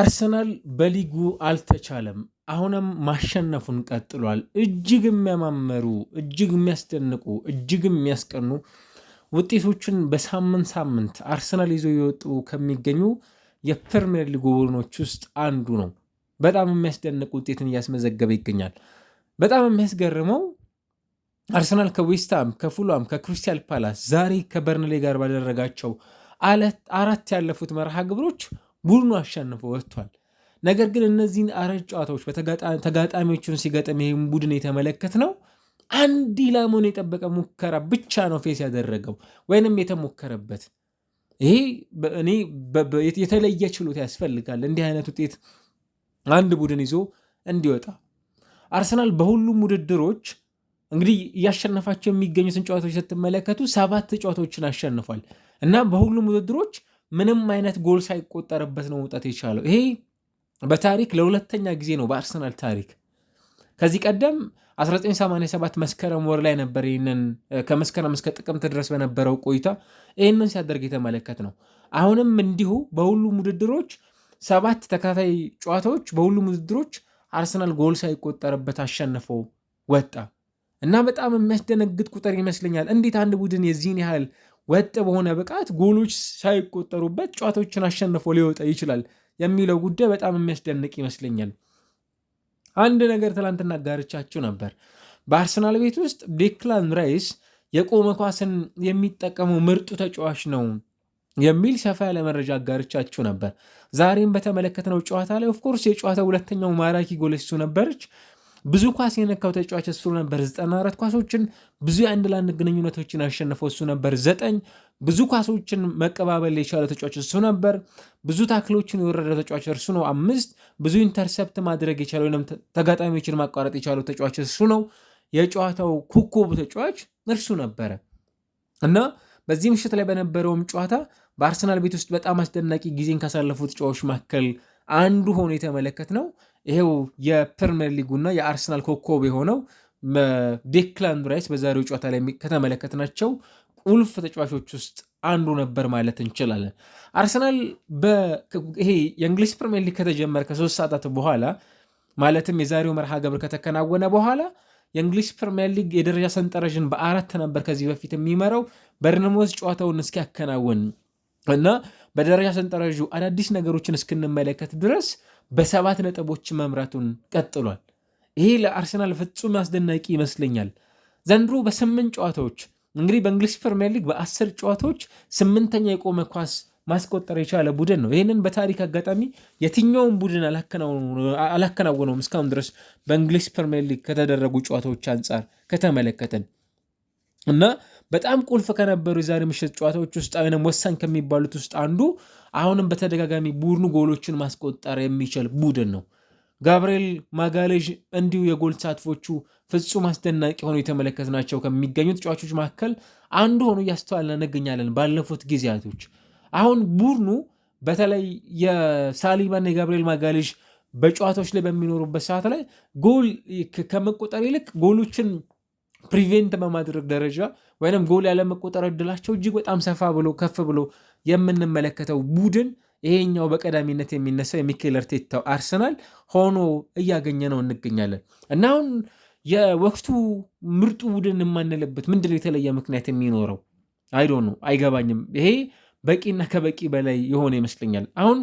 አርሰናል በሊጉ አልተቻለም። አሁንም ማሸነፉን ቀጥሏል። እጅግ የሚያማመሩ እጅግ የሚያስደንቁ እጅግ የሚያስቀኑ ውጤቶችን በሳምንት ሳምንት አርሰናል ይዞ የወጡ ከሚገኙ የፕሪሚየር ሊጉ ቡድኖች ውስጥ አንዱ ነው። በጣም የሚያስደንቅ ውጤትን እያስመዘገበ ይገኛል። በጣም የሚያስገርመው አርሰናል ከዌስትሃም፣ ከፉሏም ከክሪስታል ፓላስ ዛሬ ከበርንሌ ጋር ባደረጋቸው አራት ያለፉት መርሃ ግብሮች ቡድኑ አሸንፎ ወጥቷል። ነገር ግን እነዚህን አራት ጨዋታዎች ተጋጣሚዎቹን ሲገጥም ይህም ቡድን የተመለከት ነው አንድ ኢላማውን የጠበቀ ሙከራ ብቻ ነው ፌስ ያደረገው ወይንም የተሞከረበት። ይሄ እኔ የተለየ ችሎታ ያስፈልጋል እንዲህ አይነት ውጤት አንድ ቡድን ይዞ እንዲወጣ። አርሰናል በሁሉም ውድድሮች እንግዲህ እያሸነፋቸው የሚገኙትን ጨዋታዎች ስትመለከቱ ሰባት ጨዋታዎችን አሸንፏል እና በሁሉም ውድድሮች ምንም አይነት ጎል ሳይቆጠርበት ነው መውጣት የቻለው። ይሄ በታሪክ ለሁለተኛ ጊዜ ነው በአርሰናል ታሪክ። ከዚህ ቀደም 1987 መስከረም ወር ላይ ነበር ይህንን ከመስከረም እስከ ጥቅምት ድረስ በነበረው ቆይታ ይህንን ሲያደርግ የተመለከት ነው። አሁንም እንዲሁ በሁሉም ውድድሮች ሰባት ተከታታይ ጨዋታዎች በሁሉም ውድድሮች አርሰናል ጎል ሳይቆጠርበት አሸንፎ ወጣ እና በጣም የሚያስደነግጥ ቁጥር ይመስለኛል። እንዴት አንድ ቡድን የዚህን ያህል ወጥ በሆነ ብቃት ጎሎች ሳይቆጠሩበት ጨዋታዎችን አሸንፎ ሊወጣ ይችላል የሚለው ጉዳይ በጣም የሚያስደንቅ ይመስለኛል። አንድ ነገር ትላንትና አጋርቻችሁ ነበር። በአርሰናል ቤት ውስጥ ዴክላን ራይስ የቆመ ኳስን የሚጠቀመው ምርጡ ተጫዋች ነው የሚል ሰፋ ያለ መረጃ አጋርቻችሁ ነበር። ዛሬም በተመለከትነው ጨዋታ ላይ ኦፍኮርስ የጨዋታ ሁለተኛው ማራኪ ጎል እሱ ነበረች። ብዙ ኳስ የነካው ተጫዋች እሱ ነበር። 94 ኳሶችን ብዙ የአንድ ለአንድ ግንኙነቶችን ያሸነፈው እሱ ነበር። ዘጠኝ ብዙ ኳሶችን መቀባበል የቻለ ተጫዋች እሱ ነበር። ብዙ ታክሎችን የወረደ ተጫዋች እርሱ ነው። አምስት ብዙ ኢንተርሰፕት ማድረግ የቻለ ወይም ተጋጣሚዎችን ማቋረጥ የቻለው ተጫዋች እሱ ነው። የጨዋታው ኮከቡ ተጫዋች እርሱ ነበረ እና በዚህ ምሽት ላይ በነበረውም ጨዋታ በአርሰናል ቤት ውስጥ በጣም አስደናቂ ጊዜን ካሳለፉት ተጫዋቾች መካከል አንዱ ሆኖ የተመለከት ነው። ይሄው የፕሪምየር ሊጉና የአርሰናል ኮከብ የሆነው ዴክላን ራይስ በዛሬው ጨዋታ ላይ ከተመለከትናቸው ቁልፍ ተጫዋቾች ውስጥ አንዱ ነበር ማለት እንችላለን። አርሰናል ይሄ የእንግሊዝ ፕሪምየር ሊግ ከተጀመረ ከሶስት ሰዓታት በኋላ ማለትም የዛሬው መርሃ ግብር ከተከናወነ በኋላ የእንግሊዝ ፕሪምየር ሊግ የደረጃ ሰንጠረዥን በአራት ነበር ከዚህ በፊት የሚመራው በርንሞዝ ጨዋታውን እስኪያከናውን እና በደረጃ ሰንጠረዡ አዳዲስ ነገሮችን እስክንመለከት ድረስ በሰባት ነጥቦች መምራቱን ቀጥሏል። ይሄ ለአርሰናል ፍጹም አስደናቂ ይመስለኛል። ዘንድሮ በስምንት ጨዋታዎች እንግዲህ በእንግሊዝ ፕሪምየር ሊግ በአስር ጨዋታዎች ስምንተኛ የቆመ ኳስ ማስቆጠር የቻለ ቡድን ነው። ይህንን በታሪክ አጋጣሚ የትኛውን ቡድን አላከናወነውም እስካሁን ድረስ በእንግሊዝ ፕሪምየር ሊግ ከተደረጉ ጨዋታዎች አንጻር ከተመለከትን እና በጣም ቁልፍ ከነበሩ የዛሬ ምሽት ጨዋታዎች ውስጥ ወይም ወሳኝ ከሚባሉት ውስጥ አንዱ አሁንም በተደጋጋሚ ቡድኑ ጎሎችን ማስቆጠር የሚችል ቡድን ነው። ጋብርኤል ማጋሌዥ እንዲሁ የጎል ተሳትፎቹ ፍጹም አስደናቂ ሆነው የተመለከትናቸው ከሚገኙ ተጫዋቾች መካከል አንዱ ሆኖ እያስተዋልን እንገኛለን። ባለፉት ጊዜያቶች አሁን ቡድኑ በተለይ የሳሊባና የጋብርኤል ማጋሌዥ በጨዋታዎች ላይ በሚኖሩበት ሰዓት ላይ ጎል ከመቆጠር ይልቅ ጎሎችን ፕሪቬንት በማድረግ ደረጃ ወይም ጎል ያለመቆጠር እድላቸው እጅግ በጣም ሰፋ ብሎ ከፍ ብሎ የምንመለከተው ቡድን ይሄኛው በቀዳሚነት የሚነሳው የሚኬል አርቴታው አርሰናል ሆኖ እያገኘ ነው እንገኛለን እና አሁን የወቅቱ ምርጡ ቡድን የማንልበት ምንድነው የተለየ ምክንያት የሚኖረው አይዶ ነው አይገባኝም። ይሄ በቂና ከበቂ በላይ የሆነ ይመስለኛል። አሁን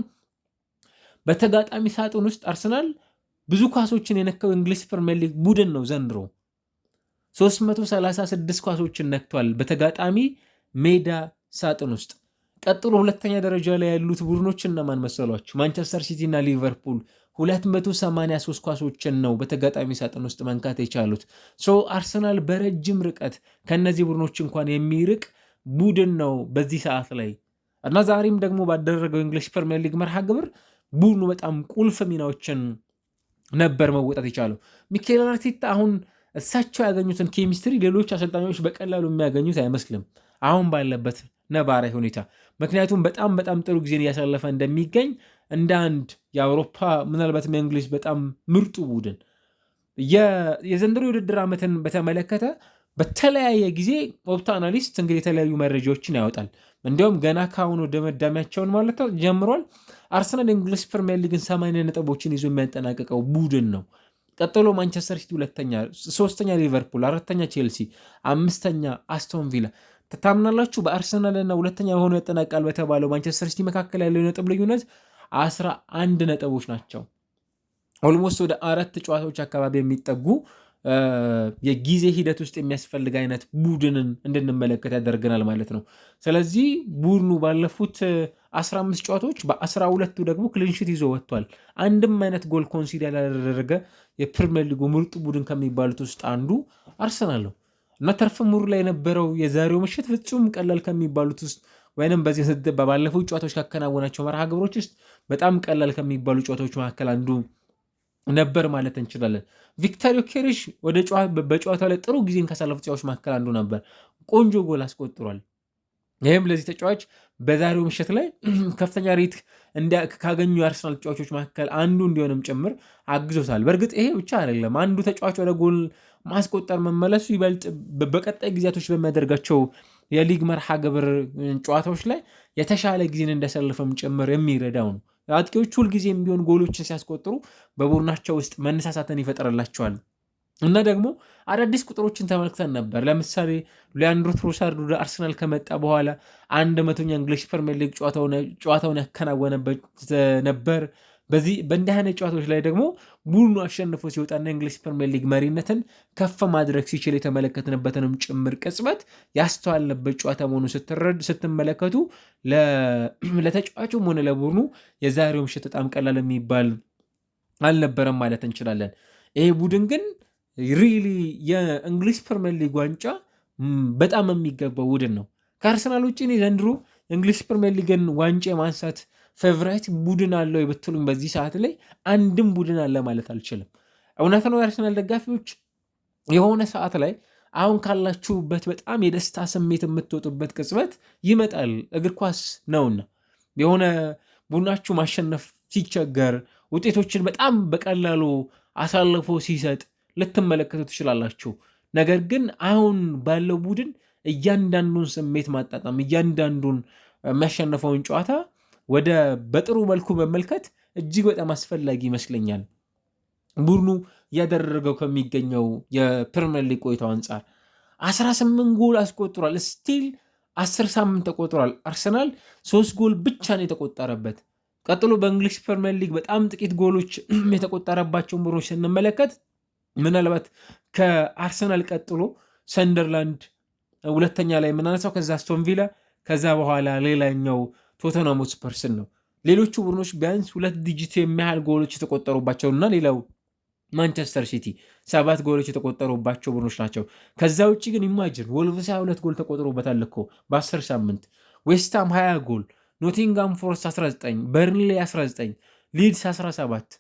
በተጋጣሚ ሳጥን ውስጥ አርሰናል ብዙ ኳሶችን የነካው እንግሊዝ ፕሪሚየር ሊግ ቡድን ነው ዘንድሮ። 336 ኳሶችን ነክቷል በተጋጣሚ ሜዳ ሳጥን ውስጥ። ቀጥሎ ሁለተኛ ደረጃ ላይ ያሉት ቡድኖች እነማን መሰሏችሁ? ማንቸስተር ሲቲ እና ሊቨርፑል 283 ኳሶችን ነው በተጋጣሚ ሳጥን ውስጥ መንካት የቻሉት። ሶ አርሰናል በረጅም ርቀት ከእነዚህ ቡድኖች እንኳን የሚርቅ ቡድን ነው በዚህ ሰዓት ላይ እና ዛሬም ደግሞ ባደረገው እንግሊሽ ፕሪሚየር ሊግ መርሃ ግብር ቡድኑ በጣም ቁልፍ ሚናዎችን ነበር መወጣት የቻለው። ሚኬል አርቴታ አሁን እሳቸው ያገኙትን ኬሚስትሪ ሌሎች አሰልጣኞች በቀላሉ የሚያገኙት አይመስልም አሁን ባለበት ነባራዊ ሁኔታ። ምክንያቱም በጣም በጣም ጥሩ ጊዜን እያሳለፈ እንደሚገኝ እንደ አንድ የአውሮፓ ምናልባትም የእንግሊዝ በጣም ምርጡ ቡድን የዘንድሮ የውድድር ዓመትን በተመለከተ በተለያየ ጊዜ ኦፕታ አናሊስት እንግዲህ የተለያዩ መረጃዎችን ያወጣል። እንዲሁም ገና ከአሁኑ ድምዳሜያቸውን ማለት ጀምሯል። አርሰናል የእንግሊዝ ፕሪሚየር ሊግን ሰማንያ ነጥቦችን ይዞ የሚያጠናቀቀው ቡድን ነው። ቀጥሎ ማንቸስተር ሲቲ ሁለተኛ፣ ሶስተኛ ሊቨርፑል፣ አራተኛ ቼልሲ፣ አምስተኛ አስቶን ቪላ። ትታምናላችሁ በአርሰናልና ሁለተኛ የሆኑ ያጠናቃል በተባለው ማንቸስተር ሲቲ መካከል ያለው ነጥብ ልዩነት አስራ አንድ ነጥቦች ናቸው። ኦልሞስት ወደ አራት ጨዋታዎች አካባቢ የሚጠጉ የጊዜ ሂደት ውስጥ የሚያስፈልግ አይነት ቡድንን እንድንመለከት ያደርገናል ማለት ነው። ስለዚህ ቡድኑ ባለፉት 15 ጨዋታዎች በአስራ ሁለቱ ደግሞ ክሊንሽት ይዞ ወጥቷል። አንድም አይነት ጎል ኮንሲድ ያላደረገ የፕሪሚየር ሊጉ ምርጡ ቡድን ከሚባሉት ውስጥ አንዱ አርሰናል ነው እና ተርፍ ሙር ላይ የነበረው የዛሬው ምሽት ፍጹም ቀላል ከሚባሉት ውስጥ ወይም በዚህ ስድብ ባለፉት ጨዋታዎች ካከናወናቸው መርሃ ግብሮች ውስጥ በጣም ቀላል ከሚባሉ ጨዋታዎች መካከል አንዱ ነበር ማለት እንችላለን። ቪክተር ዮኬሬሽ በጨዋታው ላይ ጥሩ ጊዜን ከሳለፉ ተጫዋቾች መካከል አንዱ ነበር። ቆንጆ ጎል አስቆጥሯል። ይህም ለዚህ ተጫዋች በዛሬው ምሽት ላይ ከፍተኛ ሬት ካገኙ የአርሰናል ተጫዋቾች መካከል አንዱ እንዲሆንም ጭምር አግዞታል። በእርግጥ ይሄ ብቻ አይደለም። አንዱ ተጫዋች ወደ ጎል ማስቆጠር መመለሱ ይበልጥ በቀጣይ ጊዜያቶች በሚያደርጋቸው የሊግ መርሃ ግብር ጨዋታዎች ላይ የተሻለ ጊዜን እንደሰልፈም ጭምር የሚረዳው ነው። አጥቂዎች ሁልጊዜም ቢሆን ጎሎችን ሲያስቆጥሩ በቡድናቸው ውስጥ መነሳሳትን ይፈጥርላቸዋል። እና ደግሞ አዳዲስ ቁጥሮችን ተመልክተን ነበር። ለምሳሌ ሊያንድሮ ትሮሳርድ ወደ አርሰናል ከመጣ በኋላ አንድ መቶኛ እንግሊሽ ፕሪሚየር ሊግ ጨዋታውን ያከናወነበት ነበር። በዚህ በእንዲህ አይነት ጨዋታዎች ላይ ደግሞ ቡድኑ አሸንፎ ሲወጣና እንግሊዝ ፕሪሚየር ሊግ መሪነትን ከፍ ማድረግ ሲችል የተመለከትንበትንም ጭምር ቅጽበት ያስተዋልንበት ጨዋታ መሆኑ ስትመለከቱ ለተጫዋቹም ሆነ ለቡድኑ የዛሬው ምሽት በጣም ቀላል የሚባል አልነበረም ማለት እንችላለን። ይሄ ቡድን ግን ሪሊ የእንግሊዝ ፕሪሚየር ሊግ ዋንጫ በጣም የሚገባው ቡድን ነው። ከአርሰናል ውጭ እኔ ዘንድሮ እንግሊዝ ፕሪሚየር ሊግን ዋንጫ የማንሳት ፌቨራይት ቡድን አለው የብትሉኝ በዚህ ሰዓት ላይ አንድም ቡድን አለ ማለት አልችልም። እውነት ነው የአርሰናል ደጋፊዎች የሆነ ሰዓት ላይ አሁን ካላችሁበት በጣም የደስታ ስሜት የምትወጡበት ቅጽበት ይመጣል። እግር ኳስ ነውና የሆነ ቡድናችሁ ማሸነፍ ሲቸገር ውጤቶችን በጣም በቀላሉ አሳልፎ ሲሰጥ ልትመለከቱ ትችላላችሁ። ነገር ግን አሁን ባለው ቡድን እያንዳንዱን ስሜት ማጣጣም እያንዳንዱን የሚያሸነፈውን ጨዋታ ወደ በጥሩ መልኩ መመልከት እጅግ በጣም አስፈላጊ ይመስለኛል። ቡድኑ እያደረገው ከሚገኘው የፕሪምየር ሊግ ቆይታው አንጻር 18 ጎል አስቆጥሯል። ስቲል 10 ሳምንት ተቆጥሯል። አርሰናል ሶስት ጎል ብቻ ነው የተቆጠረበት። ቀጥሎ በእንግሊሽ ፕሪምየር ሊግ በጣም ጥቂት ጎሎች የተቆጠረባቸውን ቡድኖች ስንመለከት ምናልባት ከአርሰናል ቀጥሎ ሰንደርላንድ ሁለተኛ ላይ የምናነሳው ከዛ አስቶን ቪላ ከዛ በኋላ ሌላኛው ቶተናም ሆትስፐርስን ነው። ሌሎቹ ቡድኖች ቢያንስ ሁለት ዲጂት የሚያህል ጎሎች የተቆጠሩባቸውና ሌላው ማንቸስተር ሲቲ ሰባት ጎሎች የተቆጠሩባቸው ቡድኖች ናቸው። ከዛ ውጭ ግን ኢማጅን ወልቭስ 22 ጎል ተቆጥሮበታል እኮ በ10 ሳምንት፣ ዌስትሃም 20 ጎል፣ ኖቲንጋም ፎረስት 19፣ በርንሌ 19፣ ሊድስ 17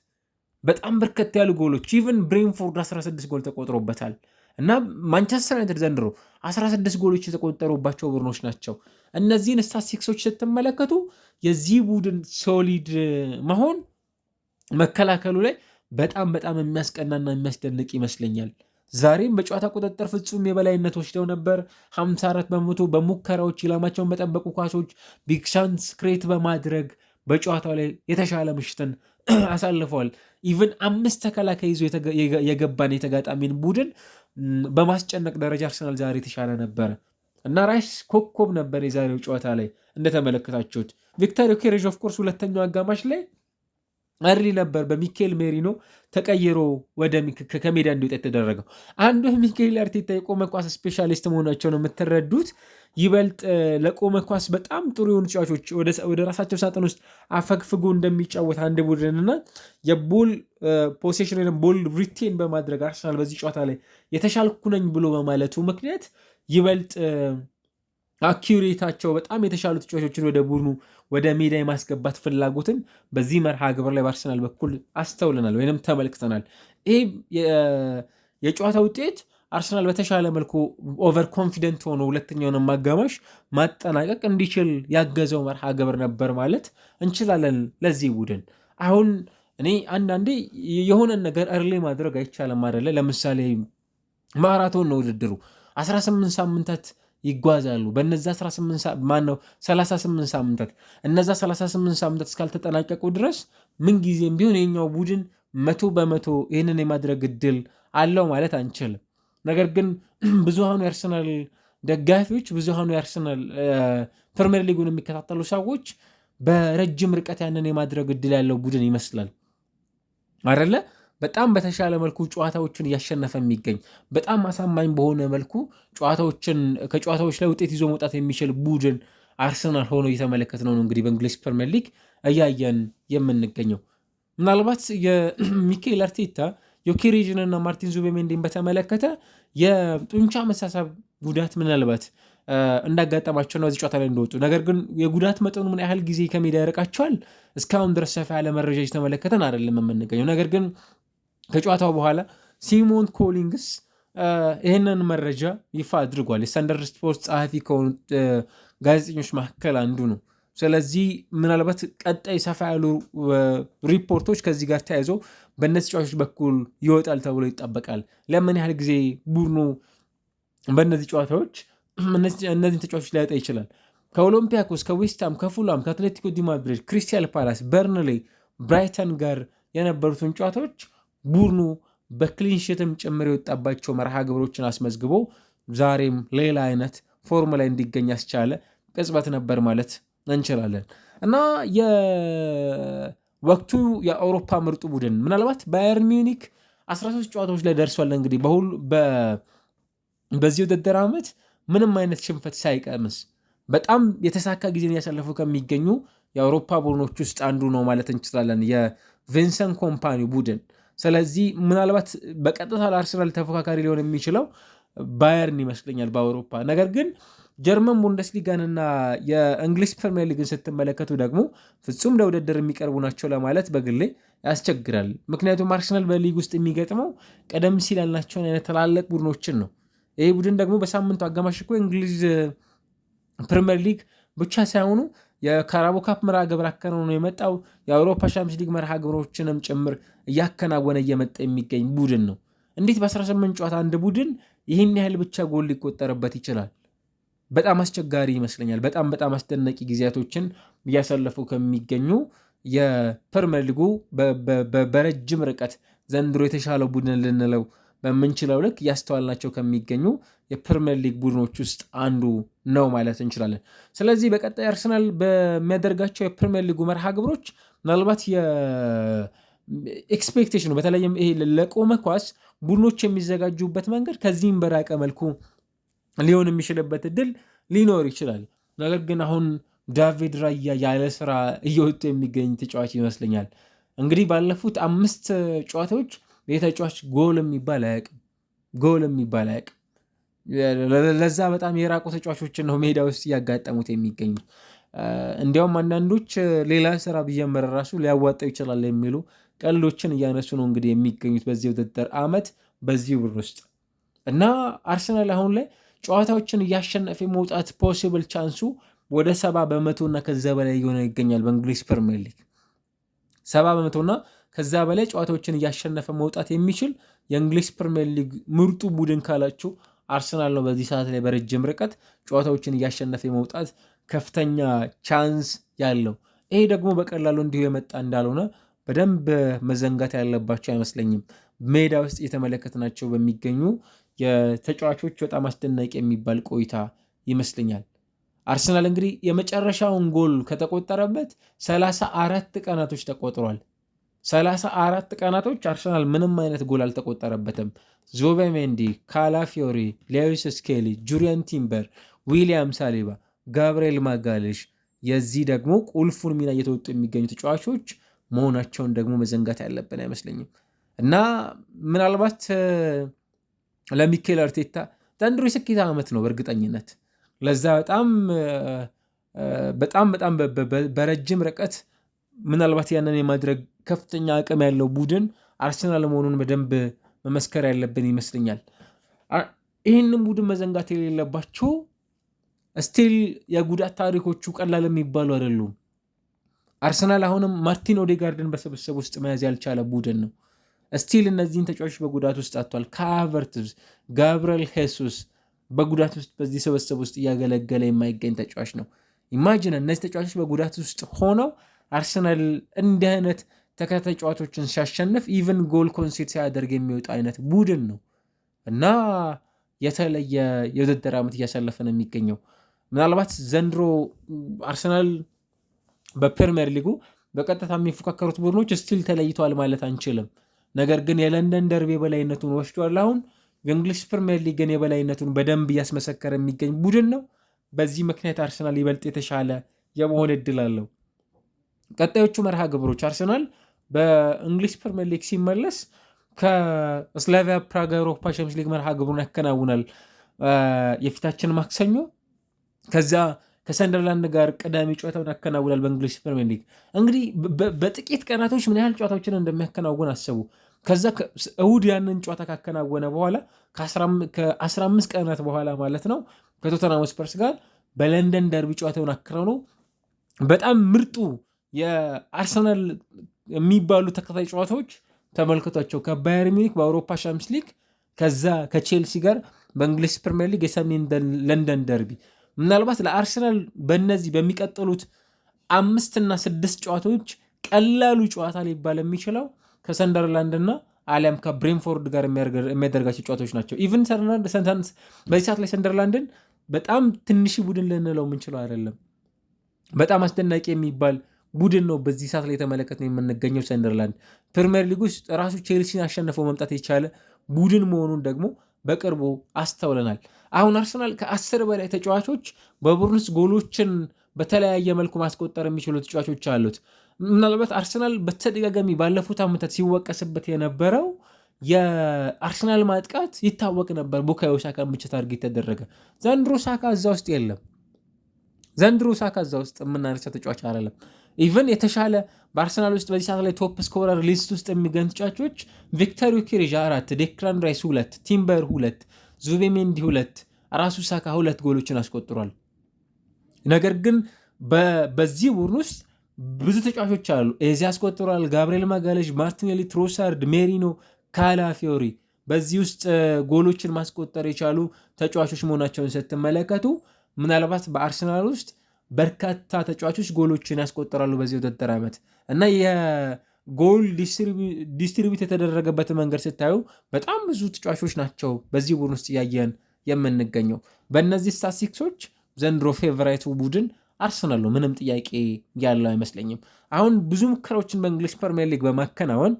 በጣም በርከት ያሉ ጎሎች ኢቨን ብሬንፎርድ 16 ጎል ተቆጥሮበታል። እና ማንቸስተር ዩናይትድ ዘንድሮ 16 ጎሎች የተቆጠሩባቸው ቡድኖች ናቸው። እነዚህን ስታቲስቲክሶች ስትመለከቱ የዚህ ቡድን ሶሊድ መሆን መከላከሉ ላይ በጣም በጣም የሚያስቀናና የሚያስደንቅ ይመስለኛል። ዛሬም በጨዋታ ቁጥጥር ፍጹም የበላይነት ወስደው ነበር። 54 በመቶ በሙከራዎች ኢላማቸውን በጠበቁ ኳሶች ቢግ ቻንስ ክሬት በማድረግ በጨዋታው ላይ የተሻለ ምሽትን አሳልፈዋል። ኢቨን አምስት ተከላካይ ይዞ የገባን የተጋጣሚን ቡድን በማስጨነቅ ደረጃ አርሰናል ዛሬ የተሻለ ነበረ እና ራይስ ኮከብ ነበር የዛሬው ጨዋታ ላይ እንደተመለከታችሁት። ቪክተር ኬሬጅ ኦፍኮርስ ሁለተኛው አጋማሽ ላይ አርሊ ነበር በሚካኤል ሜሪኖ ተቀይሮ ወደ ከሜዳ እንዲወጣ የተደረገው። አንዱ ሚካኤል አርቴታ የቆመ ኳስ ስፔሻሊስት መሆናቸው ነው የምትረዱት። ይበልጥ ለቆመ ኳስ በጣም ጥሩ የሆኑ ተጫዋቾች ወደ ራሳቸው ሳጥን ውስጥ አፈግፍጎ እንደሚጫወት አንድ ቡድን እና የቦል ፖሴሽን ወይም ቦል ሪቴን በማድረግ አርሰናል በዚህ ጨዋታ ላይ የተሻልኩ ነኝ ብሎ በማለቱ ምክንያት ይበልጥ አኪሬታቸው በጣም የተሻሉ ተጫዋቾችን ወደ ቡድኑ ወደ ሜዳ የማስገባት ፍላጎትን በዚህ መርሃ ግብር ላይ በአርሰናል በኩል አስተውለናል ወይም ተመልክተናል። ይሄ የጨዋታ ውጤት አርሰናል በተሻለ መልኩ ኦቨር ኮንፊደንት ሆኖ ሁለተኛውን አጋማሽ ማጠናቀቅ እንዲችል ያገዘው መርሃ ግብር ነበር ማለት እንችላለን። ለዚህ ቡድን አሁን እኔ አንዳንዴ የሆነን ነገር እርሌ ማድረግ አይቻልም አይደለ? ለምሳሌ ማራቶን ነው ውድድሩ 18 ሳምንታት ይጓዛሉ። በነዛ 18 ማነው 38 ሳምንታት እነዛ 38 ሳምንታት እስካልተጠናቀቁ ድረስ ምንጊዜም ቢሆን የኛው ቡድን መቶ በመቶ ይህንን የማድረግ እድል አለው ማለት አንችልም። ነገር ግን ብዙሃኑ የአርሰናል ደጋፊዎች፣ ብዙሃኑ የአርሰናል ፕሪሚየር ሊጉን የሚከታተሉ ሰዎች በረጅም ርቀት ያንን የማድረግ እድል ያለው ቡድን ይመስላል አይደለ? በጣም በተሻለ መልኩ ጨዋታዎችን እያሸነፈ የሚገኝ በጣም አሳማኝ በሆነ መልኩ ጨዋታዎችን ከጨዋታዎች ላይ ውጤት ይዞ መውጣት የሚችል ቡድን አርሰናል ሆኖ እየተመለከት ነው እንግዲህ በእንግሊዝ ፕሪሚየር ሊግ እያየን የምንገኘው ምናልባት የሚካኤል አርቴታ እና ማርቲን ዙቤሜንዲን በተመለከተ የጡንቻ መሳሳብ ጉዳት ምናልባት እንዳጋጠማቸው በዚህ ጨዋታ ላይ እንደወጡ ነገር ግን የጉዳት መጠኑ ምን ያህል ጊዜ ከሜዳ ያርቃቸዋል እስካሁን ድረስ ሰፋ ያለ መረጃ የተመለከተን አይደለም የምንገኘው። ነገር ግን ከጨዋታው በኋላ ሲሞን ኮሊንግስ ይህንን መረጃ ይፋ አድርጓል። የስታንዳርድ ስፖርት ጸሐፊ ጋዜጠኞች መካከል አንዱ ነው። ስለዚህ ምናልባት ቀጣይ ሰፋ ያሉ ሪፖርቶች ከዚህ ጋር ተያይዘው በእነዚህ ተጫዋቾች በኩል ይወጣል ተብሎ ይጠበቃል። ለምን ያህል ጊዜ ቡድኑ በእነዚህ ጨዋታዎች እነዚህን ተጫዋቾች ሊያጣ ይችላል? ከኦሎምፒያኮስ፣ ከዌስትሃም፣ ከፉላም፣ ከአትሌቲኮ ዲ ማድሪድ፣ ክሪስታል ፓላስ፣ በርንሌ፣ ብራይተን ጋር የነበሩትን ጨዋታዎች ቡድኑ በክሊንሽትም ጭምር የወጣባቸው መርሃ ግብሮችን አስመዝግቦ ዛሬም ሌላ አይነት ፎርም ላይ እንዲገኝ ያስቻለ ቅጽበት ነበር ማለት እንችላለን እና የወቅቱ የአውሮፓ ምርጡ ቡድን ምናልባት ባየርን ሚኒክ 13 ጨዋታዎች ላይ ደርሷል። እንግዲህ በሁሉ በዚህ ውድድር ዓመት ምንም አይነት ሽንፈት ሳይቀምስ በጣም የተሳካ ጊዜን እያሳለፉ ከሚገኙ የአውሮፓ ቡድኖች ውስጥ አንዱ ነው ማለት እንችላለን የቬንሰን ኮምፓኒ ቡድን። ስለዚህ ምናልባት በቀጥታ ለአርሰናል ተፎካካሪ ሊሆን የሚችለው ባየርን ይመስለኛል በአውሮፓ ነገር ግን ጀርመን ቡንደስሊጋንና የእንግሊዝ ፕሪሚየር ሊግን ስትመለከቱ ደግሞ ፍጹም ለውድድር የሚቀርቡ ናቸው ለማለት በግሌ ያስቸግራል። ምክንያቱም አርሰናል በሊግ ውስጥ የሚገጥመው ቀደም ሲል ያልናቸውን አይነት ትላልቅ ቡድኖችን ነው። ይህ ቡድን ደግሞ በሳምንቱ አጋማሽ እኮ የእንግሊዝ ፕሪሚየር ሊግ ብቻ ሳይሆኑ የካራቦ ካፕ መርሃ ግብር አከናውኖ የመጣው የአውሮፓ ሻምፒዮንስ ሊግ መርሃ ግብሮችንም ጭምር እያከናወነ እየመጣ የሚገኝ ቡድን ነው። እንዴት በ18 ጨዋታ አንድ ቡድን ይህን ያህል ብቻ ጎል ሊቆጠርበት ይችላል? በጣም አስቸጋሪ ይመስለኛል። በጣም በጣም አስደናቂ ጊዜያቶችን እያሳለፉ ከሚገኙ የፕሪሚየር ሊጉ በረጅም ርቀት ዘንድሮ የተሻለው ቡድን ልንለው በምንችለው ልክ እያስተዋልናቸው ከሚገኙ የፕሪሚየር ሊግ ቡድኖች ውስጥ አንዱ ነው ማለት እንችላለን። ስለዚህ በቀጣይ አርሰናል በሚያደርጋቸው የፕሪሚየር ሊጉ መርሃ ግብሮች ምናልባት ኤክስፔክቴሽኑ በተለይም ይሄ ለቆመ ኳስ ቡድኖች የሚዘጋጁበት መንገድ ከዚህም በራቀ መልኩ ሊሆን የሚችልበት እድል ሊኖር ይችላል። ነገር ግን አሁን ዳቪድ ራያ ያለ ስራ እየወጡ የሚገኝ ተጫዋች ይመስለኛል። እንግዲህ ባለፉት አምስት ጨዋታዎች የተጫዋች ጎል የሚባል አያውቅም፣ ጎል የሚባል አያውቅም። ለዛ በጣም የራቁ ተጫዋቾችን ነው ሜዳ ውስጥ እያጋጠሙት የሚገኙ። እንዲያውም አንዳንዶች ሌላ ስራ ብጀመረ ራሱ ሊያዋጣው ይችላል የሚሉ ቀልዶችን እያነሱ ነው እንግዲህ የሚገኙት በዚህ ውድድር አመት በዚህ ቡድን ውስጥ እና አርሰናል አሁን ላይ ጨዋታዎችን እያሸነፈ መውጣት ፖሲብል ቻንሱ ወደ ሰባ እና ከዛ በላይ እየሆነ ይገኛል። በእንግሊዝ ፕሪሚየር ሊግ ሰባ እና ከዛ በላይ ጨዋታዎችን እያሸነፈ መውጣት የሚችል የእንግሊዝ ፕሪሚየር ሊግ ምርጡ ቡድን ካላችሁ አርሰናል ነው። በዚህ ሰዓት ላይ በረጅም ርቀት ጨዋታዎችን እያሸነፈ መውጣት ከፍተኛ ቻንስ ያለው ይሄ ደግሞ በቀላሉ እንዲሁ የመጣ እንዳልሆነ በደንብ መዘንጋት ያለባቸው አይመስለኝም። ሜዳ ውስጥ እየተመለከትናቸው በሚገኙ የተጫዋቾች በጣም አስደናቂ የሚባል ቆይታ ይመስለኛል። አርሰናል እንግዲህ የመጨረሻውን ጎል ከተቆጠረበት ሰላሳ አራት ቀናቶች ተቆጥሯል። ሰላሳ አራት ቀናቶች አርሰናል ምንም አይነት ጎል አልተቆጠረበትም። ዙቢሜንዲ፣ ካላፊዮሪ፣ ሌዊስ ስኬሊ፣ ጁሪያን ቲምበር፣ ዊሊያም ሳሊባ፣ ጋብርኤል ማጋሌሽ የዚህ ደግሞ ቁልፉን ሚና እየተወጡ የሚገኙ ተጫዋቾች መሆናቸውን ደግሞ መዘንጋት ያለብን አይመስለኝም እና ምናልባት ለሚኬል አርቴታ ዘንድሮ የስኬት ዓመት ነው በእርግጠኝነት። ለዛ በጣም በጣም በጣም በረጅም ርቀት ምናልባት ያንን የማድረግ ከፍተኛ አቅም ያለው ቡድን አርሰናል መሆኑን በደንብ መመስከር ያለብን ይመስለኛል። ይህንም ቡድን መዘንጋት የሌለባቸው ስቲል የጉዳት ታሪኮቹ ቀላል የሚባሉ አይደሉም። አርሰናል አሁንም ማርቲን ኦዴጋርድን በስብስብ ውስጥ መያዝ ያልቻለ ቡድን ነው። ስቲል እነዚህን ተጫዋቾች በጉዳት ውስጥ አጥቷል። ከሀቨርትዝ ጋብርኤል ሄሱስ በጉዳት ውስጥ በዚህ ስብስብ ውስጥ እያገለገለ የማይገኝ ተጫዋች ነው። ኢማጂን እነዚህ ተጫዋቾች በጉዳት ውስጥ ሆነው አርሰናል እንዲህ አይነት ተከታታይ ጨዋታዎችን ሲያሸንፍ ኢቨን ጎል ኮንሴት ሲያደርግ የሚወጣ አይነት ቡድን ነው እና የተለየ የውድድር ዓመት እያሳለፈ ነው የሚገኘው። ምናልባት ዘንድሮ አርሰናል በፕሪምየር ሊጉ በቀጥታ የሚፎካከሩት ቡድኖች ስቲል ተለይተዋል ማለት አንችልም። ነገር ግን የለንደን ደርቢ የበላይነቱን ወስዷል። አሁን የእንግሊዝ ፕሪምየር ሊግን የበላይነቱን በደንብ እያስመሰከረ የሚገኝ ቡድን ነው። በዚህ ምክንያት አርሰናል ይበልጥ የተሻለ የመሆን እድል አለው። ቀጣዮቹ መርሃ ግብሮች አርሰናል በእንግሊዝ ፕሪምየር ሊግ ሲመለስ ከስላቪያ ፕራግ አውሮፓ ቻምፒዮንስ ሊግ መርሃ ግብሩን ያከናውናል የፊታችን ማክሰኞ ከዚያ ከሰንደርላንድ ጋር ቅዳሜ ጨዋታውን ያከናውናል። በእንግሊዝ ፕሪሚየር ሊግ እንግዲህ በጥቂት ቀናቶች ምን ያህል ጨዋታዎችን እንደሚያከናውን አስቡ። ከዛ እሁድ ያንን ጨዋታ ካከናወነ በኋላ ከ15 ቀናት በኋላ ማለት ነው ከቶተናም ስፐርስ ጋር በለንደን ደርቢ ጨዋታውን አክረው በጣም ምርጡ የአርሰናል የሚባሉ ተከታይ ጨዋታዎች ተመልክቷቸው ከባየር ሚኒክ በአውሮፓ ሻምስ ሊግ ከዛ ከቼልሲ ጋር በእንግሊዝ ፕሪሚየር ሊግ የሰሜን ለንደን ደርቢ ምናልባት ለአርሰናል በነዚህ በሚቀጥሉት አምስትና ስድስት ጨዋታዎች ቀላሉ ጨዋታ ሊባል የሚችለው ከሰንደርላንድና አሊያም ከብሬንፎርድ ጋር የሚያደርጋቸው ጨዋታዎች ናቸው። ኢቨን በዚህ ሰዓት ላይ ሰንደርላንድን በጣም ትንሽ ቡድን ልንለው የምንችለው አይደለም። በጣም አስደናቂ የሚባል ቡድን ነው። በዚህ ሰዓት ላይ የተመለከት ነው የምንገኘው ሰንደርላንድ ፕሪምየር ሊግ ውስጥ ራሱ ቼልሲን አሸንፈው መምጣት የቻለ ቡድን መሆኑን ደግሞ በቅርቡ አስተውለናል። አሁን አርሰናል ከአስር በላይ ተጫዋቾች በቡርንስ ጎሎችን በተለያየ መልኩ ማስቆጠር የሚችሉ ተጫዋቾች አሉት። ምናልባት አርሰናል በተደጋጋሚ ባለፉት ዓመታት ሲወቀስበት የነበረው የአርሰናል ማጥቃት ይታወቅ ነበር፣ ቡካዮ ሳካ ብቻ አድርግ የተደረገ ዘንድሮ ሳካ እዛ ውስጥ የለም። ዘንድሮ ሳካ እዛ ውስጥ የምናነሳ ተጫዋች አይደለም። ኢቨን የተሻለ በአርሰናል ውስጥ በዚህ ሰዓት ላይ ቶፕ ስኮረር ሊስት ውስጥ የሚገኙ ተጫዋቾች ቪክተር ዩኬሬዥ አራት፣ ዴክላን ራይስ ሁለት፣ ቲምበር ሁለት፣ ዙቤሜንዲ ሁለት፣ ራሱ ሳካ ሁለት ጎሎችን አስቆጥሯል። ነገር ግን በዚህ ቡድን ውስጥ ብዙ ተጫዋቾች አሉ። ኤዜ አስቆጥሯል። ጋብርኤል ማጋለዥ፣ ማርቲኔሊ፣ ትሮሳርድ፣ ሜሪኖ፣ ካላፊዮሪ በዚህ ውስጥ ጎሎችን ማስቆጠር የቻሉ ተጫዋቾች መሆናቸውን ስትመለከቱ ምናልባት በአርሰናል ውስጥ በርካታ ተጫዋቾች ጎሎችን ያስቆጠራሉ በዚህ ውድድር ዓመት እና የጎል ዲስትሪቢዩት የተደረገበት መንገድ ስታዩ በጣም ብዙ ተጫዋቾች ናቸው በዚህ ቡድን ውስጥ እያየን የምንገኘው። በእነዚህ ስታሲክሶች ዘንድሮ ፌቨራይቱ ቡድን አርሰናል ነው። ምንም ጥያቄ ያለው አይመስለኝም። አሁን ብዙ ሙከራዎችን በእንግሊሽ ፕሪሚየር ሊግ በማከናወን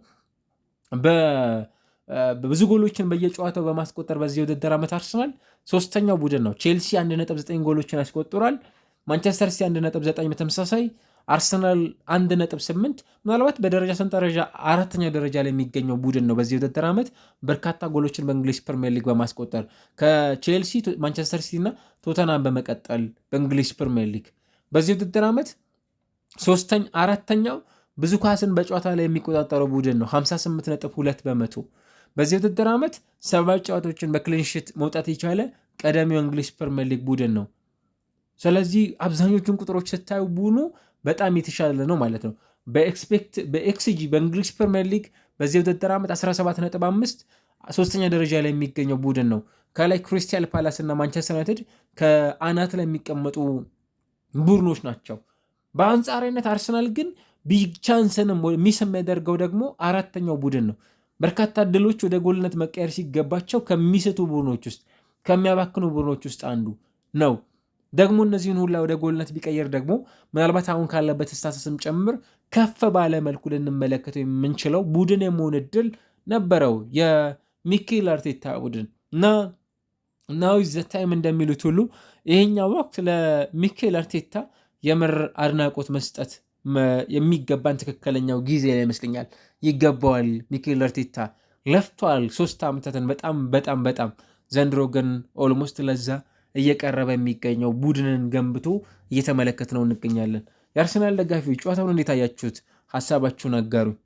ብዙ ጎሎችን በየጨዋታው በማስቆጠር በዚህ የውድድር ዓመት አርሰናል ሶስተኛው ቡድን ነው። ቼልሲ 1.9 ጎሎችን ያስቆጥሯል። ማንቸስተር ሲቲ 1.9 በተመሳሳይ አርሰናል 1.8 ምናልባት በደረጃ ሰንጠረዣ አራተኛ ደረጃ ላይ የሚገኘው ቡድን ነው። በዚህ ውድድር ዓመት በርካታ ጎሎችን በእንግሊዝ ፕሪምየር ሊግ በማስቆጠር ከቼልሲ፣ ማንቸስተር ሲቲ እና ቶተናም በመቀጠል በእንግሊዝ ፕሪምየር ሊግ በዚህ ውድድር ዓመት ሶስተኛ አራተኛው ብዙ ኳስን በጨዋታ ላይ የሚቆጣጠረው ቡድን ነው 58.2 በመቶ በዚህ ውድድር ዓመት ሰባት ጨዋታዎችን በክሊንሽት መውጣት የቻለ ቀዳሚው እንግሊዝ ፕሪምየር ሊግ ቡድን ነው። ስለዚህ አብዛኞቹን ቁጥሮች ስታዩ ቡኑ በጣም የተሻለ ነው ማለት ነው። በኤክስጂ በእንግሊዝ ፕሪምየር ሊግ በዚህ ውድድር ዓመት 17.5 ሶስተኛ ደረጃ ላይ የሚገኘው ቡድን ነው። ከላይ ክሪስታል ፓላስ እና ማንቸስተር ዩናይትድ ከአናት ላይ የሚቀመጡ ቡድኖች ናቸው። በአንጻራዊነት አርሰናል ግን ቢቻንስንም ሚስ የሚያደርገው ደግሞ አራተኛው ቡድን ነው። በርካታ እድሎች ወደ ጎልነት መቀየር ሲገባቸው ከሚስቱ ቡድኖች ውስጥ ከሚያባክኑ ቡድኖች ውስጥ አንዱ ነው። ደግሞ እነዚህን ሁላ ወደ ጎልነት ቢቀየር ደግሞ ምናልባት አሁን ካለበት ስታተስም ጭምር ከፍ ባለ መልኩ ልንመለከተው የምንችለው ቡድን የመሆን እድል ነበረው የሚኬል አርቴታ ቡድን እና ናው ዘ ታይም እንደሚሉት ሁሉ ይሄኛው ወቅት ለሚኬል አርቴታ የምር አድናቆት መስጠት የሚገባን ትክክለኛው ጊዜ ላይ ይመስለኛል። ይገባዋል። ሚኬል አርቴታ ለፍቷል ሶስት ዓመታትን በጣም በጣም በጣም ዘንድሮ ግን ኦልሞስት ለዛ እየቀረበ የሚገኘው ቡድንን ገንብቶ እየተመለከት ነው እንገኛለን። የአርሰናል ደጋፊዎች ጨዋታውን እንዴት አያችሁት? ሀሳባችሁን አጋሩኝ።